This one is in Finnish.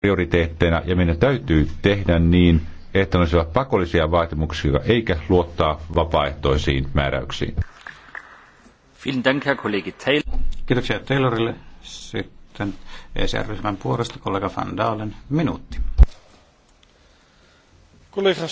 prioriteetteina ja meidän täytyy tehdä niin, että ne olisivat pakollisia vaatimuksia eikä luottaa vapaaehtoisiin määräyksiin. Kiitoksia Taylorille. Sitten ECR-ryhmän puolesta kollega Van Dalen minuutti. Kollega